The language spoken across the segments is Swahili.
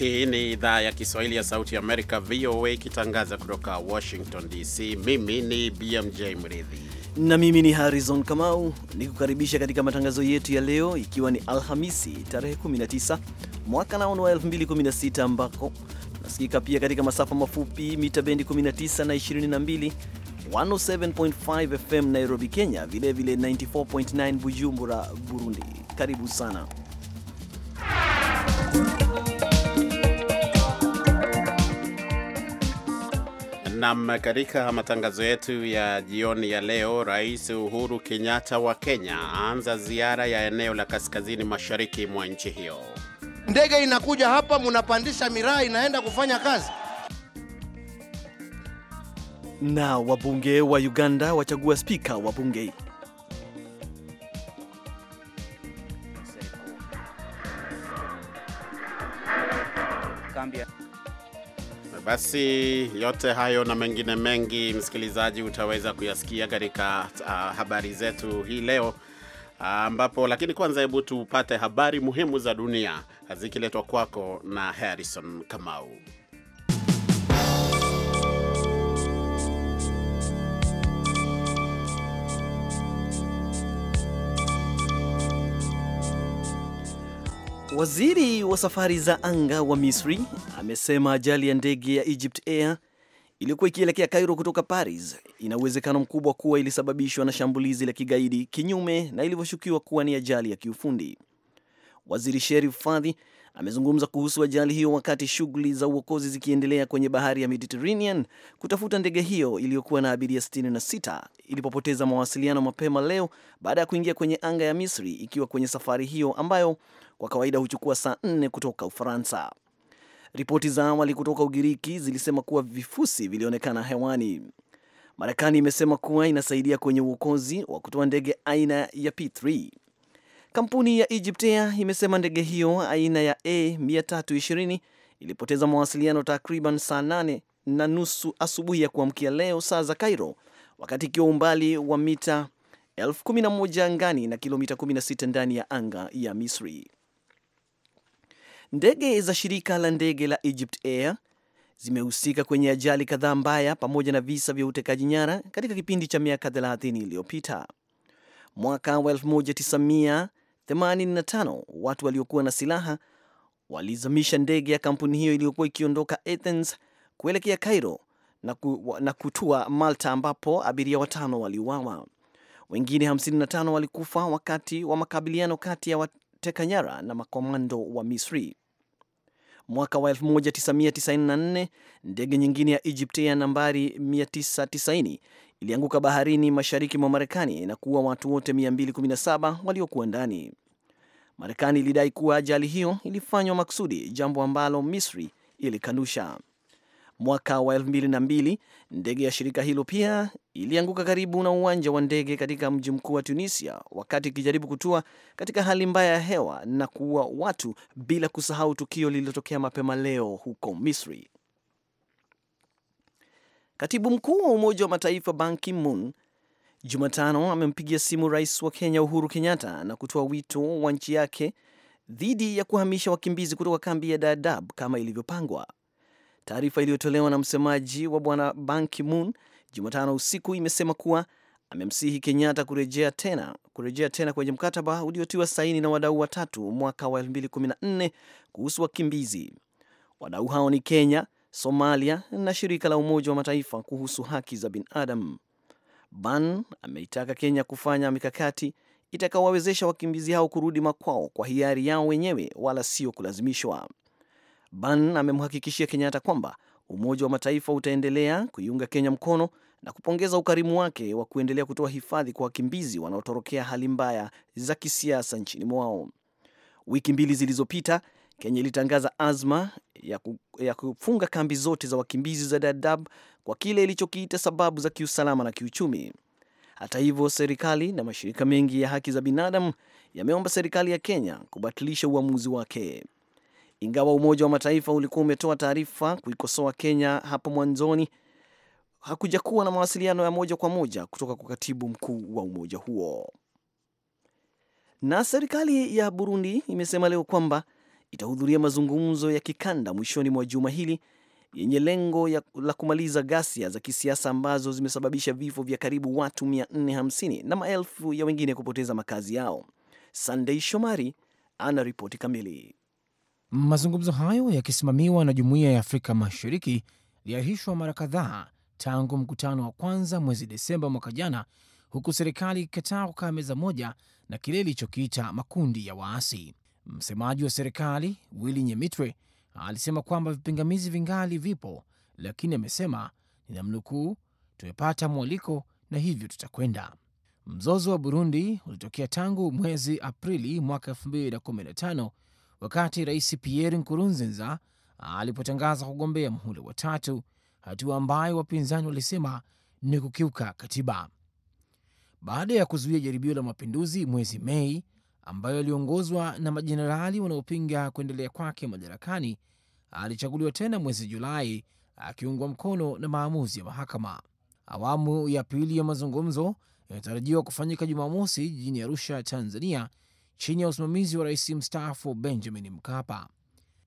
Hii ni idhaa ya Kiswahili ya Sauti Amerika, VOA, ikitangaza kutoka Washington DC. Mimi ni BMJ Mridhi na mimi ni Harrison Kamau nikukaribisha katika matangazo yetu ya leo, ikiwa ni Alhamisi tarehe 19 mwaka ni wa 2016 ambako tunasikika pia katika masafa mafupi mita bendi 19 na 22 107.5 FM Nairobi, Kenya, vilevile 94.9 Bujumbura, Burundi. Karibu sana Nam, katika matangazo yetu ya jioni ya leo, Rais Uhuru Kenyatta wa Kenya aanza ziara ya eneo la kaskazini mashariki mwa nchi hiyo. Ndege inakuja hapa, munapandisha miraa, inaenda kufanya kazi. Na wabunge wa Uganda wachagua spika wa bunge Basi yote hayo na mengine mengi, msikilizaji, utaweza kuyasikia katika uh, habari zetu hii leo ambapo, uh, lakini kwanza, hebu tupate habari muhimu za dunia zikiletwa kwako na Harrison Kamau. Waziri wa safari za anga wa Misri amesema ajali ya ndege ya Egypt Air iliyokuwa ikielekea Cairo kutoka Paris ina uwezekano mkubwa kuwa ilisababishwa na shambulizi la kigaidi, kinyume na ilivyoshukiwa kuwa ni ajali ya kiufundi. Waziri Sherif Fadhi amezungumza kuhusu ajali hiyo wakati shughuli za uokozi zikiendelea kwenye bahari ya Mediterranean kutafuta ndege hiyo iliyokuwa na abiria 66 ilipopoteza mawasiliano mapema leo baada ya kuingia kwenye anga ya Misri ikiwa kwenye safari hiyo ambayo kwa kawaida huchukua saa nne kutoka Ufaransa. Ripoti za awali kutoka Ugiriki zilisema kuwa vifusi vilionekana hewani. Marekani imesema kuwa inasaidia kwenye uokozi wa kutoa ndege aina ya P3. Kampuni ya Egypt imesema ndege hiyo aina ya A320 ilipoteza mawasiliano takriban saa nane na nusu asubuhi ya kuamkia leo saa za Cairo, wakati ikiwa umbali wa mita 11 angani na kilomita 16 ndani ya anga ya Misri. Ndege za shirika la ndege la Egypt Air zimehusika kwenye ajali kadhaa mbaya pamoja na visa vya utekaji nyara katika kipindi cha miaka 30 iliyopita. Mwaka wa 1985 watu waliokuwa na silaha walizamisha ndege ya kampuni hiyo iliyokuwa ikiondoka Athens kuelekea Cairo na, ku, na kutua Malta ambapo abiria watano waliuawa. Wengine 55 walikufa wakati wa makabiliano kati ya wateka nyara na makomando wa Misri. Mwaka wa 1994 ndege nyingine ya ya nambari 990 ilianguka baharini mashariki mwa Marekani na kuua watu wote 217 waliokuwa ndani. Marekani ilidai kuwa ajali hiyo ilifanywa maksudi, jambo ambalo Misri ilikanusha. Mwaka wa 2002 ndege ya shirika hilo pia ilianguka karibu na uwanja wa ndege katika mji mkuu wa Tunisia wakati ikijaribu kutua katika hali mbaya ya hewa na kuua watu, bila kusahau tukio lililotokea mapema leo huko Misri. Katibu mkuu wa Umoja wa Mataifa Ban Ki-moon Jumatano amempigia simu rais wa Kenya Uhuru Kenyatta na kutoa wito wa nchi yake dhidi ya kuhamisha wakimbizi kutoka kambi ya Dadaab kama ilivyopangwa. Taarifa iliyotolewa na msemaji wa bwana Ban Ki-moon Jumatano usiku imesema kuwa amemsihi Kenyatta kurejea tena kurejea tena kwenye mkataba uliotiwa saini na wadau watatu mwaka wa 2014 kuhusu wakimbizi. Wadau hao ni Kenya, Somalia na shirika la Umoja wa Mataifa kuhusu haki za binadamu. Ban ameitaka Kenya kufanya mikakati itakaowawezesha wakimbizi hao kurudi makwao kwa hiari yao wenyewe wala sio kulazimishwa. Ban amemhakikishia Kenyatta kwamba Umoja wa Mataifa utaendelea kuiunga Kenya mkono na kupongeza ukarimu wake wa kuendelea kutoa hifadhi kwa wakimbizi wanaotorokea hali mbaya za kisiasa nchini mwao. Wiki mbili zilizopita, Kenya ilitangaza azma ya kufunga kambi zote za wakimbizi za Dadaab kwa kile ilichokiita sababu za kiusalama na kiuchumi. Hata hivyo, serikali na mashirika mengi ya haki za binadamu yameomba serikali ya Kenya kubatilisha uamuzi wake. Ingawa Umoja wa Mataifa ulikuwa umetoa taarifa kuikosoa Kenya hapo mwanzoni, hakuja kuwa na mawasiliano ya moja kwa moja kutoka kwa katibu mkuu wa umoja huo. Na serikali ya Burundi imesema leo kwamba itahudhuria mazungumzo ya kikanda mwishoni mwa juma hili yenye lengo ya, la kumaliza ghasia za kisiasa ambazo zimesababisha vifo vya karibu watu 450 na maelfu ya wengine kupoteza makazi yao. Sandei Shomari ana ripoti kamili. Mazungumzo hayo yakisimamiwa na Jumuiya ya Afrika Mashariki yaliahirishwa mara kadhaa tangu mkutano wa kwanza mwezi Desemba mwaka jana, huku serikali ikikataa kukaa meza moja na kile ilichokiita makundi ya waasi. Msemaji wa serikali Willy Nyemitwe alisema kwamba vipingamizi vingali vipo, lakini amesema ninamnukuu, tumepata mwaliko na hivyo tutakwenda. Mzozo wa Burundi ulitokea tangu mwezi Aprili mwaka 2015 wakati Rais Pierre Nkurunziza alipotangaza kugombea muhula wa tatu, hatua ambayo wapinzani walisema ni kukiuka katiba. Baada ya kuzuia jaribio la mapinduzi mwezi Mei ambayo aliongozwa na majenerali wanaopinga kuendelea kwake madarakani, alichaguliwa tena mwezi Julai akiungwa mkono na maamuzi ya mahakama. Awamu ya pili ya mazungumzo inatarajiwa kufanyika Jumamosi jijini Arusha, Tanzania, chini ya usimamizi wa rais mstaafu Benjamin Mkapa.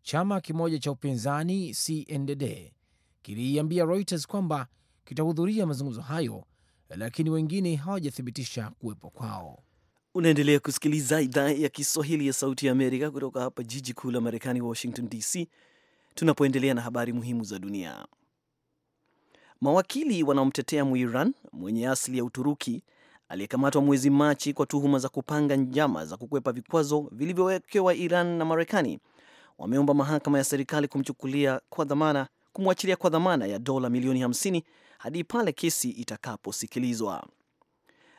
Chama kimoja cha upinzani CNDD kiliiambia Reuters kwamba kitahudhuria mazungumzo hayo, lakini wengine hawajathibitisha kuwepo kwao. Unaendelea kusikiliza idhaa ya Kiswahili ya Sauti ya Amerika kutoka hapa jiji kuu la Marekani, Washington DC, tunapoendelea na habari muhimu za dunia. Mawakili wanaomtetea Muiran mwenye asili ya Uturuki aliyekamatwa mwezi Machi kwa tuhuma za kupanga njama za kukwepa vikwazo vilivyowekewa Iran na Marekani, wameomba mahakama ya serikali kumchukulia kwa dhamana, kumwachilia kwa dhamana ya dola milioni 50 hadi pale kesi itakaposikilizwa.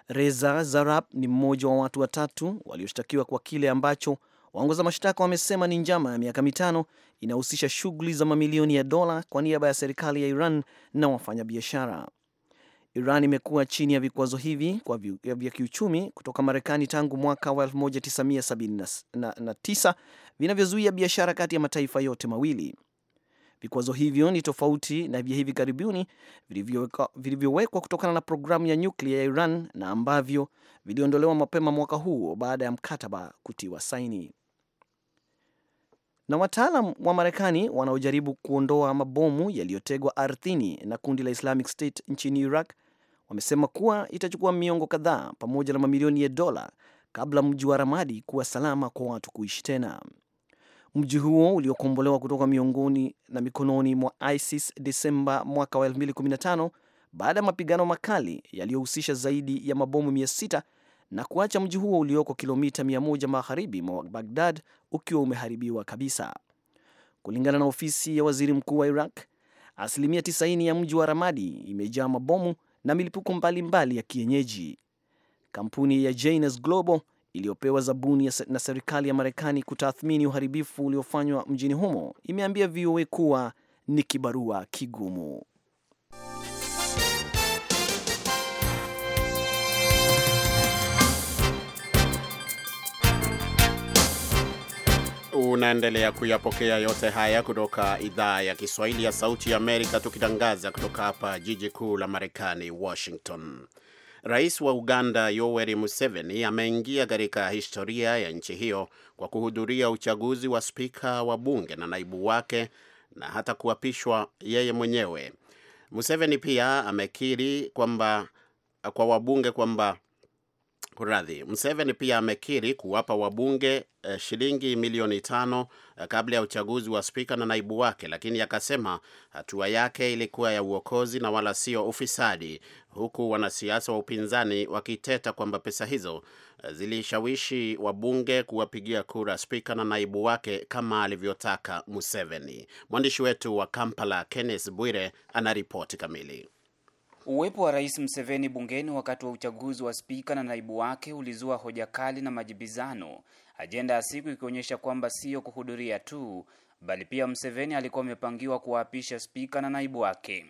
Reza Zarab ni mmoja wa watu watatu walioshtakiwa kwa kile ambacho waongoza mashtaka wamesema ni njama ya miaka mitano inahusisha shughuli za mamilioni ya dola kwa niaba ya serikali ya Iran na wafanyabiashara. Iran imekuwa chini ya vikwazo hivi kwa vya kiuchumi kutoka Marekani tangu mwaka wa 1979 vinavyozuia biashara kati ya mataifa yote mawili. Vikwazo hivyo ni tofauti na vya hivi karibuni vilivyowekwa kutokana na programu ya nyuklia ya Iran na ambavyo viliondolewa mapema mwaka huo baada ya mkataba kutiwa saini. Na wataalam wa Marekani wanaojaribu kuondoa mabomu yaliyotegwa ardhini na kundi la Islamic State nchini Iraq wamesema kuwa itachukua miongo kadhaa pamoja na mamilioni ya dola kabla mji wa Ramadi kuwa salama kwa watu kuishi tena. Mji huo uliokombolewa kutoka miongoni na mikononi mwa ISIS Desemba mwaka wa 2015 baada ya mapigano makali yaliyohusisha zaidi ya mabomu 600 na kuacha mji huo ulioko kilomita 100 magharibi mwa Bagdad ukiwa umeharibiwa kabisa. Kulingana na ofisi ya waziri mkuu wa Iraq, asilimia 90 ya mji wa Ramadi imejaa mabomu na milipuko mbalimbali ya kienyeji. Kampuni ya Janus Global iliyopewa zabuni na serikali ya Marekani kutathmini uharibifu uliofanywa mjini humo imeambia VOA kuwa ni kibarua kigumu. Unaendelea kuyapokea yote haya kutoka idhaa ya Kiswahili ya Sauti ya Amerika, tukitangaza kutoka hapa jiji kuu la Marekani, Washington. Rais wa Uganda Yoweri Museveni ameingia katika historia ya nchi hiyo kwa kuhudhuria uchaguzi wa spika wa bunge na naibu wake na hata kuapishwa yeye mwenyewe. Museveni pia amekiri kwamba kwa wabunge kwamba Kuradhi, mseveni pia amekiri kuwapa wabunge eh, shilingi milioni tano eh, kabla ya uchaguzi wa spika na naibu wake, lakini akasema hatua yake ilikuwa ya uokozi na wala sio ufisadi, huku wanasiasa wa upinzani wakiteta kwamba pesa hizo eh, zilishawishi wabunge kuwapigia kura spika na naibu wake kama alivyotaka mseveni Mwandishi wetu wa Kampala Kenneth Bwire anaripoti kamili. Uwepo wa Rais mseveni bungeni wakati wa uchaguzi wa spika na naibu wake ulizua hoja kali na majibizano, ajenda ya siku ikionyesha kwamba siyo kuhudhuria tu, bali pia mseveni alikuwa amepangiwa kuwaapisha spika na naibu wake.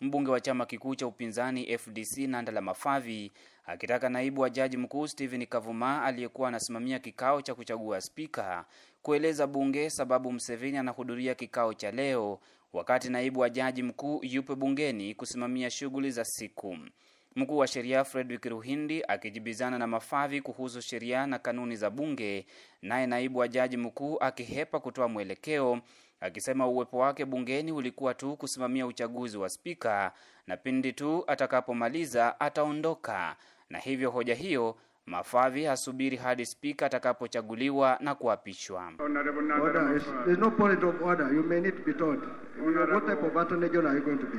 Mbunge wa chama kikuu cha upinzani FDC la Mafavi akitaka naibu wa jaji mkuu Stephen Kavuma aliyekuwa anasimamia kikao cha kuchagua spika kueleza bunge sababu mseveni anahudhuria kikao cha leo, wakati naibu wa jaji mkuu yupo bungeni kusimamia shughuli za siku. Mkuu wa sheria Fredrick Ruhindi akijibizana na Mafavi kuhusu sheria na kanuni za bunge, naye naibu wa jaji mkuu akihepa kutoa mwelekeo, akisema uwepo wake bungeni ulikuwa tu kusimamia uchaguzi wa spika na pindi tu atakapomaliza ataondoka, na hivyo hoja hiyo Mafavi hasubiri hadi spika atakapochaguliwa na kuapishwa.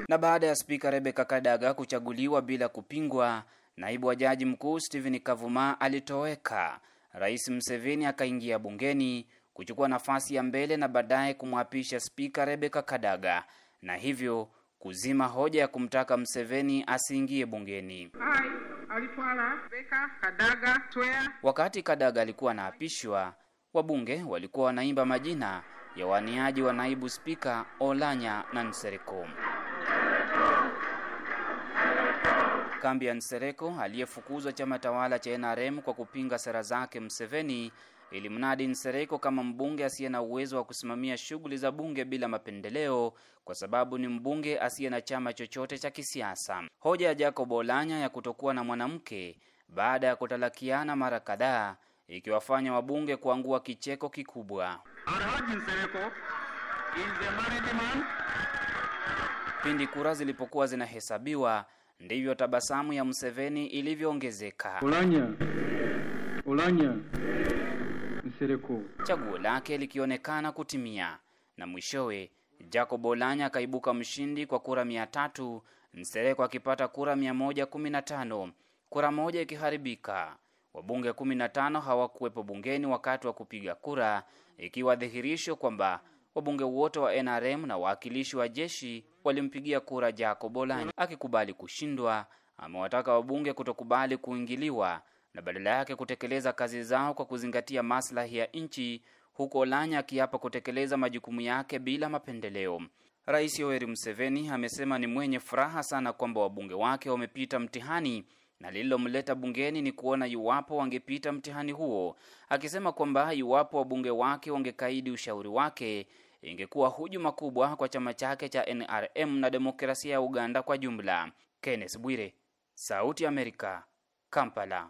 Na baada ya spika Rebeka Kadaga kuchaguliwa bila kupingwa, naibu wa jaji mkuu Stephen Kavuma alitoweka. Rais mseveni akaingia bungeni kuchukua nafasi ya mbele na baadaye kumwapisha spika Rebeka Kadaga na hivyo kuzima hoja ya kumtaka Mseveni asiingie bungeni. Hai, alitwala, beka, Kadaga, Twea. Wakati Kadaga alikuwa anaapishwa, wabunge walikuwa wanaimba majina ya waniaji wa naibu spika Olanya na Nsereko. Kambi ya Nsereko aliyefukuzwa chama tawala cha NRM kwa kupinga sera zake Mseveni ilimnadi Nsereko kama mbunge asiye na uwezo wa kusimamia shughuli za bunge bila mapendeleo kwa sababu ni mbunge asiye na chama chochote cha kisiasa. Hoja ya Jacob Olanya ya kutokuwa na mwanamke baada ya kutalakiana mara kadhaa ikiwafanya wabunge kuangua kicheko kikubwa. Pindi kura zilipokuwa zinahesabiwa, ndivyo tabasamu ya mseveni ilivyoongezeka. Olanya, Olanya, Nsereko, chaguo lake likionekana kutimia na mwishowe Jacob Olanya akaibuka mshindi kwa kura mia tatu, Nsereko akipata kura 115, kura moja ikiharibika. Wabunge 15 hawakuwepo bungeni wakati wa kupiga kura, ikiwa dhihirisho kwamba wabunge wote wa NRM na wawakilishi wa jeshi walimpigia kura Jacob Olanya. Akikubali kushindwa, amewataka wabunge kutokubali kuingiliwa na badala yake kutekeleza kazi zao kwa kuzingatia maslahi ya nchi huku Olanya akiapa kutekeleza majukumu yake bila mapendeleo. Rais Yoweri Museveni amesema ni mwenye furaha sana kwamba wabunge wake wamepita mtihani na lililomleta bungeni ni kuona iwapo wangepita mtihani huo, akisema kwamba iwapo wabunge wake wangekaidi ushauri wake ingekuwa hujuma kubwa kwa chama chake cha NRM na demokrasia ya Uganda kwa jumla. Kenneth Bwire, Sauti ya Amerika, Kampala.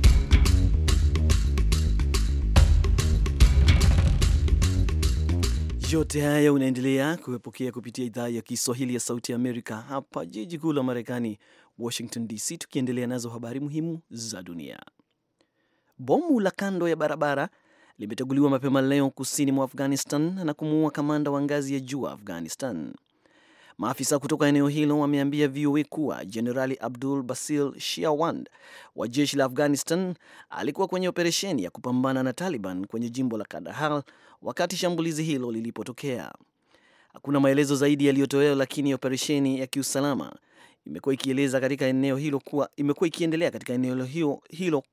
Yote haya unaendelea kuepokea kupitia idhaa ya Kiswahili ya Sauti ya Amerika, hapa jiji kuu la Marekani, Washington DC, tukiendelea nazo habari muhimu za dunia. Bomu la kando ya barabara limeteguliwa mapema leo kusini mwa Afghanistan na kumuua kamanda wa ngazi ya juu wa Afghanistan. Maafisa kutoka eneo hilo wameambia VOA kuwa Jenerali Abdul Basil Shiawand wa jeshi la Afghanistan alikuwa kwenye operesheni ya kupambana na Taliban kwenye jimbo la Kandahar wakati shambulizi hilo lilipotokea. Hakuna maelezo zaidi yaliyotolewa, lakini operesheni ya kiusalama imekuwa ikieleza katika eneo hilo kuwa imekuwa ikiendelea katika eneo hilo, hilo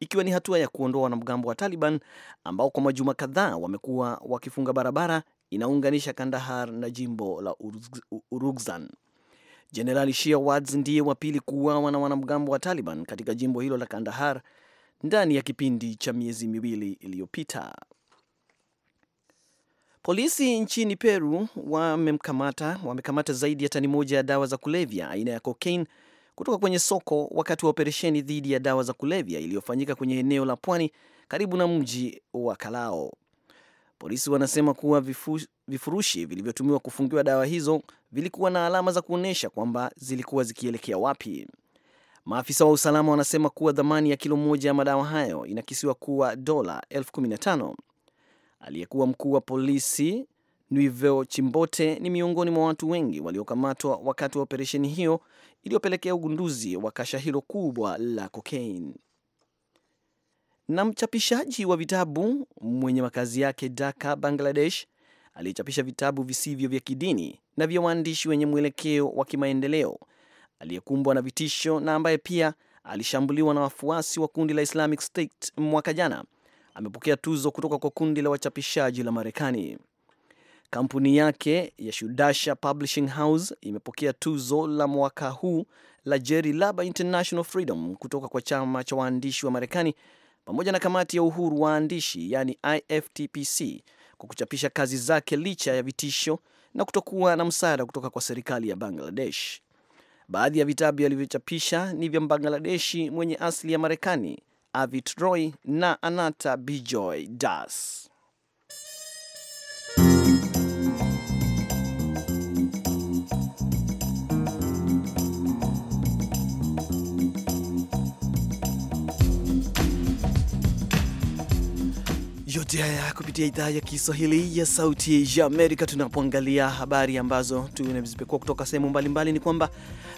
ikiwa ni hatua ya kuondoa wanamgambo wa Taliban ambao kwa majuma kadhaa wamekuwa wakifunga barabara inaunganisha Kandahar na jimbo la Uruzgan. Jenerali Shia Wads ndiye wa pili kuuawa na wanamgambo wa Taliban katika jimbo hilo la Kandahar ndani ya kipindi cha miezi miwili iliyopita. Polisi nchini Peru wamekamata wamekamata zaidi ya tani moja ya dawa za kulevya aina ya cocaine kutoka kwenye soko wakati wa operesheni dhidi ya dawa za kulevya iliyofanyika kwenye eneo la pwani karibu na mji wa Kalao. Polisi wanasema kuwa vifu, vifurushi vilivyotumiwa kufungiwa dawa hizo vilikuwa na alama za kuonyesha kwamba zilikuwa zikielekea wapi. Maafisa wa usalama wanasema kuwa dhamani ya kilo moja ya madawa hayo inakisiwa kuwa dola elfu kumi na tano. Aliyekuwa mkuu wa polisi Nuiveo Chimbote ni miongoni mwa watu wengi waliokamatwa wakati wa operesheni hiyo iliyopelekea ugunduzi wa kasha hilo kubwa la kokaini na mchapishaji wa vitabu mwenye makazi yake Dhaka, Bangladesh, aliyechapisha vitabu visivyo vya kidini na vya waandishi wenye mwelekeo wa kimaendeleo aliyekumbwa na vitisho na ambaye pia alishambuliwa na wafuasi wa kundi la Islamic State mwaka jana, amepokea tuzo kutoka kwa kundi la wachapishaji la Marekani. Kampuni yake ya Shudasha Publishing House imepokea tuzo la mwaka huu la Jerry Laba International Freedom kutoka kwa chama cha waandishi wa Marekani pamoja na kamati ya uhuru waandishi yani IFTPC kwa kuchapisha kazi zake licha ya vitisho na kutokuwa na msaada kutoka kwa serikali ya Bangladesh. Baadhi ya vitabu alivyochapisha ni vya Bangladeshi mwenye asili ya Marekani Avit Roy na Anata Bijoy Das. kupitia, kupitia idhaa ya Kiswahili ya Sauti ya Amerika. Tunapoangalia habari ambazo tunazipekua kutoka sehemu mbalimbali, ni kwamba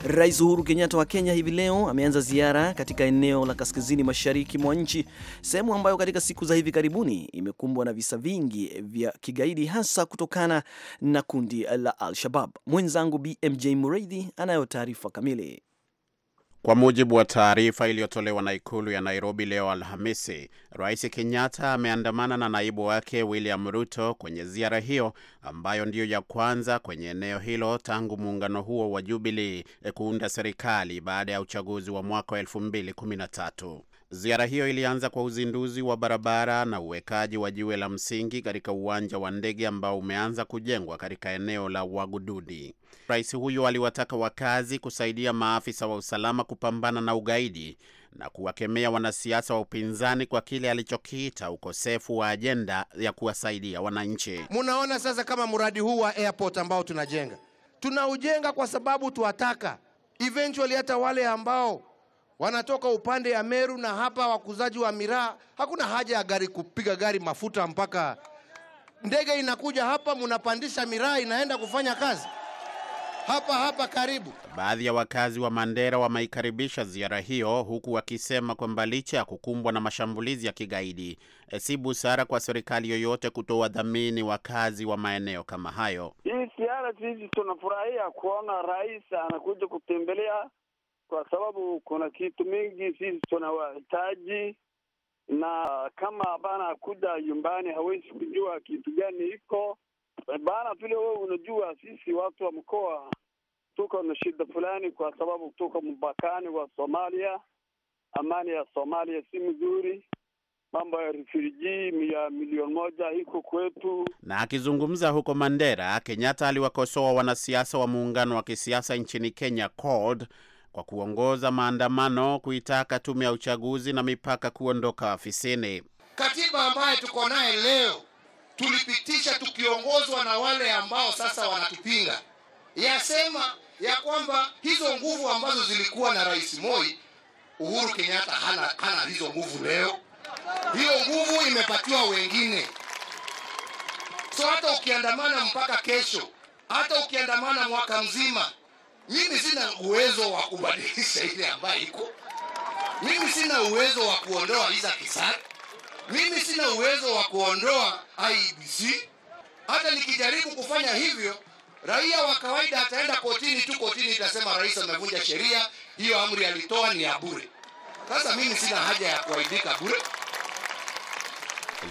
Rais Uhuru Kenyatta wa Kenya hivi leo ameanza ziara katika eneo la kaskazini mashariki mwa nchi, sehemu ambayo katika siku za hivi karibuni imekumbwa na visa vingi vya kigaidi, hasa kutokana na kundi la Al-Shabab. Mwenzangu BMJ Mureithi anayo taarifa kamili. Kwa mujibu wa taarifa iliyotolewa na ikulu ya Nairobi leo Alhamisi, Rais Kenyatta ameandamana na naibu wake William Ruto kwenye ziara hiyo ambayo ndiyo ya kwanza kwenye eneo hilo tangu muungano huo wa Jubilee eh, kuunda serikali baada ya uchaguzi wa mwaka wa e213 Ziara hiyo ilianza kwa uzinduzi wa barabara na uwekaji wa jiwe la msingi katika uwanja wa ndege ambao umeanza kujengwa katika eneo la Wagududi. Rais huyo aliwataka wakazi kusaidia maafisa wa usalama kupambana na ugaidi na kuwakemea wanasiasa wa upinzani kwa kile alichokiita ukosefu wa ajenda ya kuwasaidia wananchi. Munaona sasa kama mradi huu wa airport ambao tunajenga, tunaujenga kwa sababu tuwataka eventually hata wale ambao wanatoka upande ya Meru na hapa wakuzaji wa miraa, hakuna haja ya gari kupiga gari mafuta mpaka ndege inakuja hapa, munapandisha miraa inaenda kufanya kazi hapa hapa karibu. Baadhi ya wakazi wa Mandera wameikaribisha ziara hiyo, huku wakisema kwamba licha ya kukumbwa na mashambulizi ya kigaidi, eh, si busara kwa serikali yoyote kutoa dhamini wakazi wa maeneo kama hayo. Hii ziara sisi tunafurahia kuona rais anakuja kutembelea kwa sababu kuna kitu mingi sisi tunawahitaji, na kama bana kuja nyumbani hawezi kujua kitu gani iko bana. Vile wewe unajua, sisi watu wa mkoa tuko na shida fulani, kwa sababu tuko mpakani wa Somalia. Amani ya Somalia si mzuri mambo ya rifiriji ya milioni moja iko kwetu. Na akizungumza huko Mandera, Kenyatta aliwakosoa wanasiasa wa muungano wa kisiasa nchini Kenya CORD kwa kuongoza maandamano kuitaka tume ya uchaguzi na mipaka kuondoka afisini. Katiba ambayo tuko naye leo tulipitisha tukiongozwa na wale ambao sasa wanatupinga, yasema ya kwamba hizo nguvu ambazo zilikuwa na Rais Moi, Uhuru Kenyatta hana, hana hizo nguvu leo. Hiyo nguvu imepatiwa wengine, so hata ukiandamana mpaka kesho, hata ukiandamana mwaka mzima mimi sina uwezo wa kubadilisha ile ambayo iko. Mimi sina uwezo wa kuondoa iza Kisari. Mimi sina uwezo wa kuondoa IBC. Hata nikijaribu kufanya hivyo, raia wa kawaida ataenda kotini tu, kotini itasema rais amevunja sheria, hiyo amri alitoa ni ya bure. Sasa mimi sina haja ya kuaibika bure.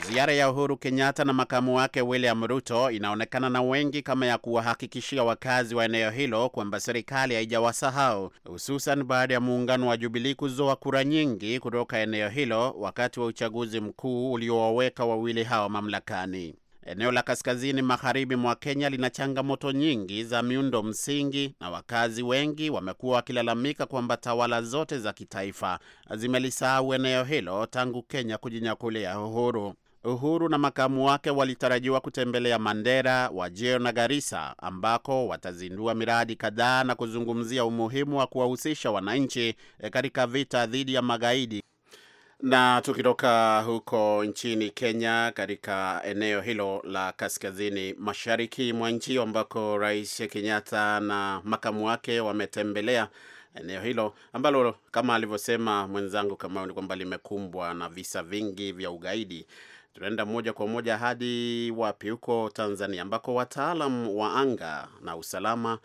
Ziara ya Uhuru Kenyatta na makamu wake William Ruto inaonekana na wengi kama ya kuwahakikishia wakazi wa eneo hilo kwamba serikali haijawasahau, hususan baada ya muungano wa Jubilii kuzoa kura nyingi kutoka eneo hilo wakati wa uchaguzi mkuu uliowaweka wawili hao mamlakani. Eneo la kaskazini magharibi mwa Kenya lina changamoto nyingi za miundo msingi, na wakazi wengi wamekuwa wakilalamika kwamba tawala zote za kitaifa zimelisahau eneo hilo tangu Kenya kujinyakulia uhuru. Uhuru na makamu wake walitarajiwa kutembelea Mandera, wajio na Garissa ambako watazindua miradi kadhaa na kuzungumzia umuhimu wa kuwahusisha wananchi eh, katika vita dhidi ya magaidi. Na tukitoka huko nchini Kenya, katika eneo hilo la kaskazini mashariki mwa nchi ambako Rais Kenyatta na makamu wake wametembelea eneo hilo ambalo kama alivyosema mwenzangu Kamau ni kwamba limekumbwa na visa vingi vya ugaidi. Tunaenda moja kwa moja hadi wapi? Huko Tanzania ambako wataalam wa anga na usalama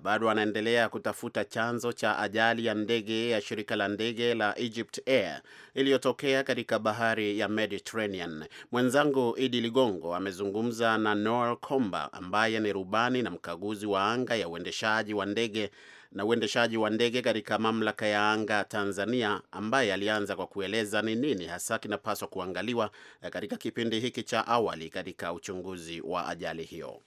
bado anaendelea kutafuta chanzo cha ajali ya ndege ya shirika la ndege la Egypt Air iliyotokea katika bahari ya Mediterranean. Mwenzangu Idi Ligongo amezungumza na Noel Komba ambaye ni rubani na mkaguzi wa anga ya uendeshaji wa ndege na uendeshaji wa ndege katika mamlaka ya anga Tanzania, ambaye alianza kwa kueleza ni nini hasa kinapaswa kuangaliwa eh, katika kipindi hiki cha awali katika uchunguzi wa ajali hiyo.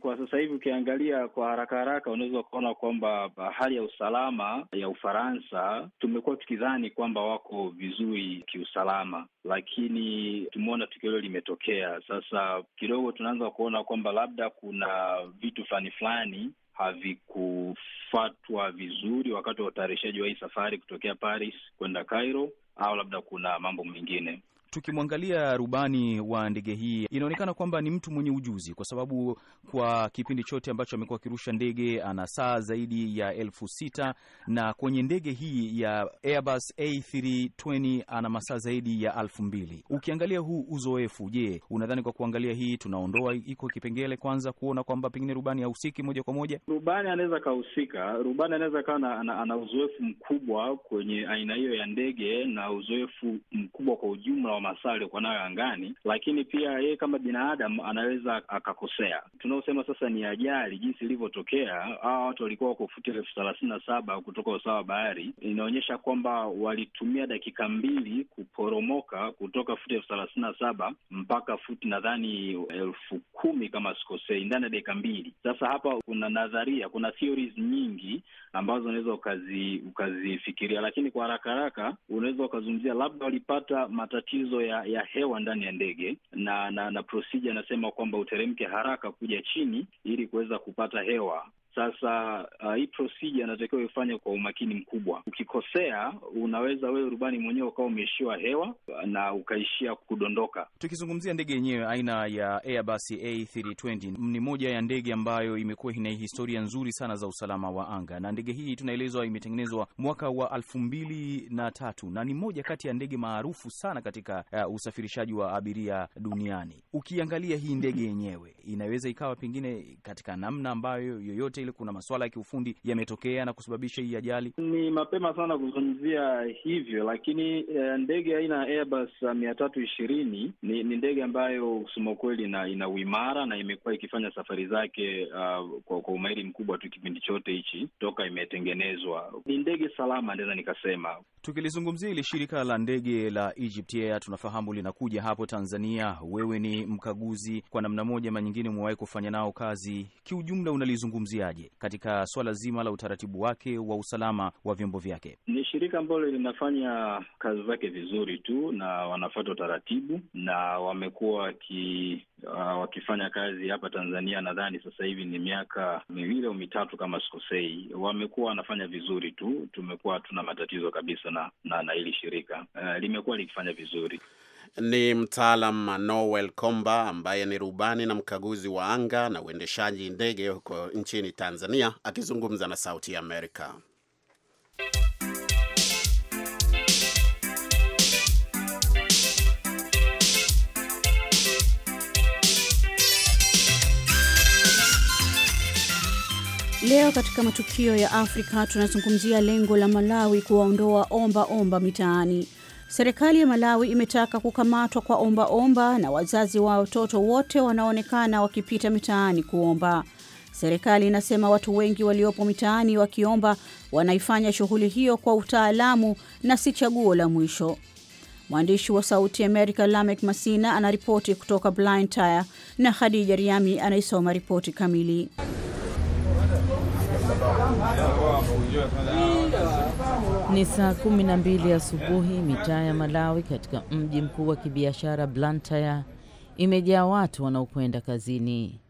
Kwa sasa hivi ukiangalia kwa haraka haraka, unaweza kuona kwamba hali ya usalama ya Ufaransa, tumekuwa tukidhani kwamba wako vizuri kiusalama, lakini tumeona tukio hilo limetokea. Sasa kidogo tunaanza kuona kwamba labda kuna vitu fulani fulani havikufatwa vizuri wakati wa utayarishaji wa hii safari kutokea Paris kwenda Cairo, au labda kuna mambo mengine. Tukimwangalia rubani wa ndege hii, inaonekana kwamba ni mtu mwenye ujuzi, kwa sababu kwa kipindi chote ambacho amekuwa akirusha ndege ana saa zaidi ya elfu sita na kwenye ndege hii ya Airbus A320 ana masaa zaidi ya alfu mbili. Ukiangalia huu uzoefu, je, unadhani kwa kuangalia hii tunaondoa iko kipengele kwanza kuona kwamba pengine rubani hahusiki moja kwa moja? Rubani anaweza akahusika, rubani anaweza akawa ana, ana uzoefu mkubwa kwenye aina hiyo ya ndege na uzoefu mkubwa kwa ujumla masaa aliyokuwa nayo angani, lakini pia yeye kama binadamu anaweza akakosea. Tunaosema sasa ni ajali, jinsi ilivyotokea. Hawa watu walikuwa wako futi elfu thelathini na saba kutoka usawa wa bahari, inaonyesha kwamba walitumia dakika mbili kuporomoka kutoka futi elfu thelathini na saba mpaka futi nadhani elfu kumi kama sikosei, ndani ya dakika mbili. Sasa hapa kuna nadharia, kuna theories nyingi ambazo unaweza ukazifikiria, lakini kwa haraka haraka unaweza ukazungumzia labda walipata matatizo matatizo ya, ya hewa ndani ya ndege na na, na procedure anasema kwamba uteremke haraka kuja chini ili kuweza kupata hewa sasa uh, hii procedure inatakiwa ifanye kwa umakini mkubwa. Ukikosea unaweza wewe rubani mwenyewe ukawa umeishiwa hewa na ukaishia kudondoka. Tukizungumzia ndege yenyewe aina ya Airbus A320 ni moja ya ndege ambayo imekuwa ina historia nzuri sana za usalama wa anga, na ndege hii tunaelezwa imetengenezwa mwaka wa elfu mbili na tatu na ni moja kati ya ndege maarufu sana katika uh, usafirishaji wa abiria duniani. Ukiangalia hii ndege yenyewe inaweza ikawa pengine katika namna ambayo yoyote yoyote ile, kuna masuala ya kiufundi yametokea na kusababisha hii ajali? Ni mapema sana kuzungumzia hivyo, lakini uh, ndege aina ya Airbus eh, mia tatu ishirini ni ndege ambayo kusema kweli ina uimara na imekuwa ikifanya safari zake uh, kwa, kwa umahiri mkubwa tu kipindi chote hichi toka imetengenezwa. Ni ndege salama, naweza nikasema. Tukilizungumzia ili shirika la ndege la Egypt Air, tunafahamu linakuja hapo Tanzania. Wewe ni mkaguzi kwa namna moja ama nyingine, umewahi kufanya nao kazi, kiujumla unalizungumzia unafikiriaje katika suala zima la utaratibu wake wa usalama wa vyombo vyake? Ni shirika ambalo linafanya kazi zake vizuri tu na wanafata utaratibu na wamekuwa waki, uh, wakifanya kazi hapa Tanzania, nadhani sasa hivi ni miaka miwili au mitatu kama sikosei. Wamekuwa wanafanya vizuri tu, tumekuwa hatuna matatizo kabisa na na, na hili shirika uh, limekuwa likifanya vizuri ni mtaalam Noel Komba ambaye ni rubani na mkaguzi wa anga na uendeshaji ndege huko nchini Tanzania, akizungumza na Sauti ya Amerika. Leo katika matukio ya Afrika tunazungumzia lengo la Malawi kuwaondoa omba omba mitaani. Serikali ya Malawi imetaka kukamatwa kwa ombaomba omba na wazazi wa watoto wote wanaonekana wakipita mitaani kuomba. Serikali inasema watu wengi waliopo mitaani wakiomba wanaifanya shughuli hiyo kwa utaalamu na si chaguo la mwisho. Mwandishi wa Sauti Amerika Lamek Masina anaripoti kutoka Blind Tire na Khadija Riami anaisoma ripoti kamili. Ni saa kumi na mbili asubuhi, mitaa ya Malawi katika mji mkuu wa kibiashara Blantyre imejaa watu wanaokwenda kazini.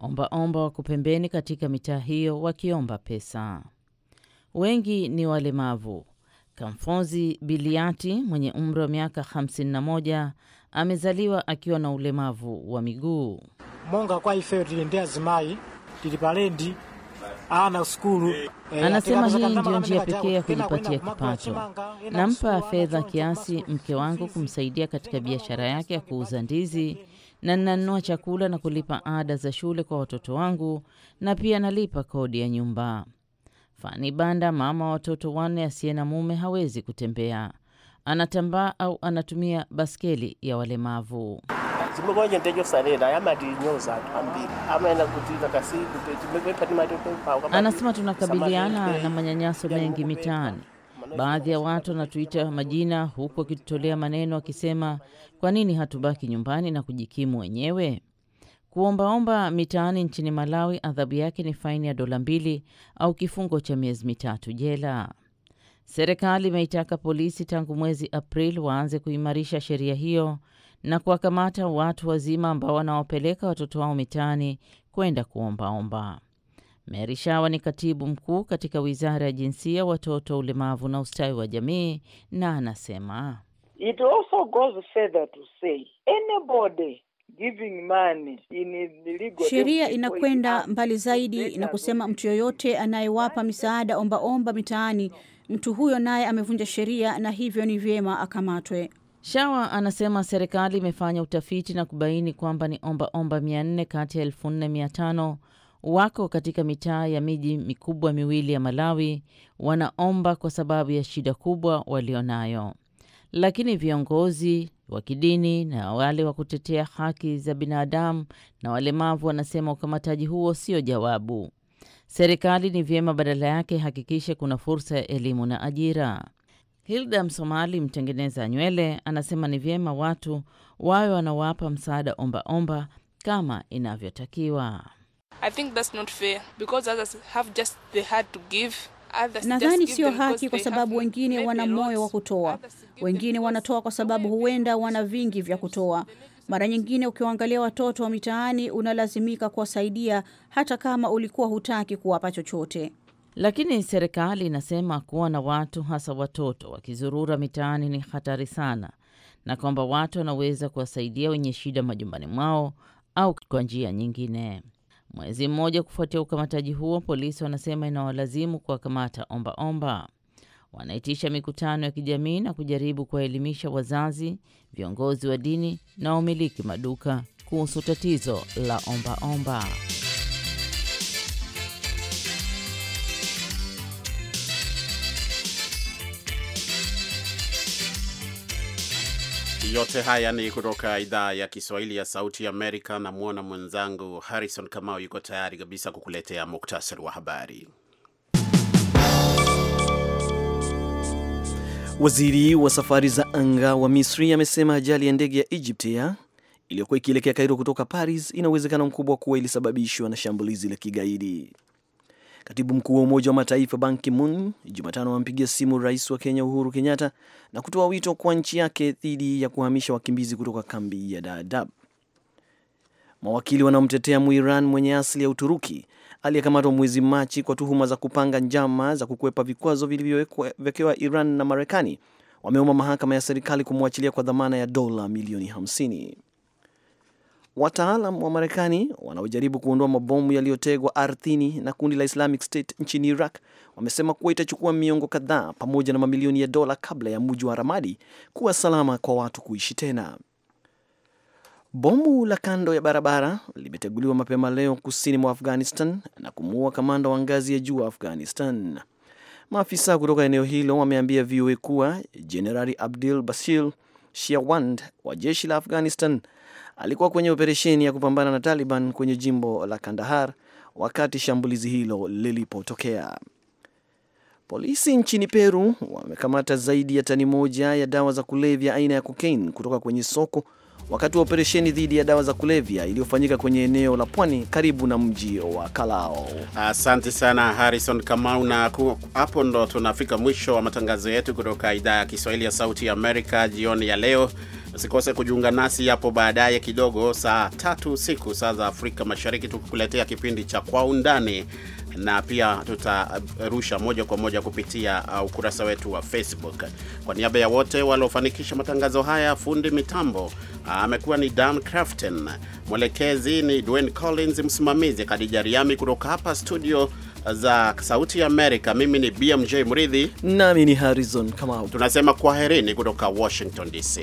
Ombaomba wako pembeni katika mitaa hiyo wakiomba pesa. Wengi ni walemavu. Kamfozi Biliati mwenye umri wa miaka 51 amezaliwa akiwa na ulemavu wa miguu. monga kwa ifeo tili zimai azimai Eh, eh, Anasema hii ndiyo njia pekee ya kujipatia kipato. Nampa fedha kiasi mke wangu kumsaidia katika biashara yake ya kuuza ndizi, na ninanunua chakula na kulipa ada za shule kwa watoto wangu, na pia nalipa kodi ya nyumba. Fani Banda, mama wa watoto wanne, asiye na mume, hawezi kutembea, anatambaa au anatumia baskeli ya walemavu chimwekonye ndechosalera yamatinyoza anthu ambiri amayenda kutiza kasi chimwekwephati matopepawo anasema tunakabiliana na manyanyaso mengi mitaani Baadhi ya watu wanatuita majina huku wakitutolea maneno wakisema, kwa nini hatubaki nyumbani na kujikimu wenyewe? Kuombaomba mitaani nchini Malawi adhabu yake ni faini ya dola mbili au kifungo cha miezi mitatu jela. Serikali imeitaka polisi tangu mwezi april waanze kuimarisha sheria hiyo na kuwakamata watu wazima ambao wanawapeleka watoto wao mitaani kwenda kuombaomba. Mary Shawa ni katibu mkuu katika wizara ya jinsia, watoto, ulemavu na ustawi wa jamii, na anasema It also goes Sheria inakwenda mbali zaidi na kusema mtu yoyote anayewapa misaada ombaomba mitaani, mtu huyo naye amevunja sheria, na hivyo ni vyema akamatwe. Shawa anasema serikali imefanya utafiti na kubaini kwamba ni ombaomba 400 kati ya 4500 wako katika mitaa ya miji mikubwa miwili ya Malawi wanaomba kwa sababu ya shida kubwa walionayo, lakini viongozi wa kidini na wale wa kutetea haki za binadamu na walemavu wanasema ukamataji huo sio jawabu. Serikali ni vyema badala yake hakikishe kuna fursa ya elimu na ajira. Hilda Msomali, mtengeneza nywele, anasema ni vyema watu wawe wanawapa msaada ombaomba omba kama inavyotakiwa. Nadhani sio haki kwa sababu wengine wana moyo wa kutoa, wengine wanatoa kwa sababu huenda wana vingi vya kutoa. Mara nyingine ukiwaangalia watoto wa mitaani, unalazimika kuwasaidia hata kama ulikuwa hutaki kuwapa chochote lakini serikali inasema kuwa na watu hasa watoto wakizurura mitaani ni hatari sana, na kwamba watu wanaweza kuwasaidia wenye shida majumbani mwao au kwa njia nyingine. Mwezi mmoja kufuatia ukamataji huo, polisi wanasema inawalazimu kuwakamata ombaomba. Wanaitisha mikutano ya kijamii na kujaribu kuwaelimisha wazazi, viongozi wa dini na wamiliki maduka kuhusu tatizo la ombaomba omba. Yote haya ni kutoka idhaa ya Kiswahili ya Sauti ya Amerika. Namwona mwenzangu Harrison Kamau yuko tayari kabisa kukuletea muktasari wa habari. Waziri wa safari za anga wa Misri amesema ajali ya ndege ya Egyptia iliyokuwa ikielekea Kairo kutoka Paris ina uwezekano mkubwa kuwa ilisababishwa na shambulizi la kigaidi. Katibu mkuu wa Umoja wa Mataifa Ban Ki-moon Jumatano amempigia simu rais wa Kenya Uhuru Kenyatta na kutoa wito kwa nchi yake dhidi ya kuhamisha wakimbizi kutoka kambi ya Dadaab. Mawakili wanaomtetea Muiran mwenye asili ya Uturuki aliyekamatwa mwezi Machi kwa tuhuma za kupanga njama za kukwepa vikwazo vilivyowekewa Iran na Marekani wameomba mahakama ya serikali kumwachilia kwa dhamana ya dola milioni 50. Wataalam wa Marekani wanaojaribu kuondoa mabomu yaliyotegwa ardhini na kundi la Islamic State nchini Iraq wamesema kuwa itachukua miongo kadhaa pamoja na mamilioni ya dola kabla ya mji wa Ramadi kuwa salama kwa watu kuishi tena. Bomu la kando ya barabara limeteguliwa mapema leo kusini mwa Afghanistan na kumuua kamanda wa ngazi ya juu wa Afghanistan. Maafisa kutoka eneo hilo wameambia VOA kuwa Jenerali Abdul Basil Shiawand wa jeshi la Afghanistan alikuwa kwenye operesheni ya kupambana na Taliban kwenye jimbo la Kandahar wakati shambulizi hilo lilipotokea. Polisi nchini Peru wamekamata zaidi ya tani moja ya dawa za kulevya aina ya kokaini kutoka kwenye soko wakati wa operesheni dhidi ya dawa za kulevya iliyofanyika kwenye eneo la pwani karibu na mji wa Kalao. Asante sana Harrison Kamau, na hapo ndo tunafika mwisho wa matangazo yetu kutoka idhaa ya Kiswahili ya Sauti ya Amerika jioni ya leo. Usikose kujiunga nasi hapo baadaye kidogo, saa tatu usiku saa za Afrika Mashariki, tukikuletea kipindi cha Kwa Undani na pia tutarusha moja kwa moja kupitia uh, ukurasa wetu wa Facebook. Kwa niaba ya wote waliofanikisha matangazo haya, fundi mitambo uh, amekuwa ni Dan Crafton, mwelekezi ni Dwayne Collins, msimamizi Khadija Riami. Kutoka hapa studio za Sauti ya Amerika, mimi ni BMJ Mridhi nami ni Harrison Kamau, tunasema kwaherini kutoka Washington DC.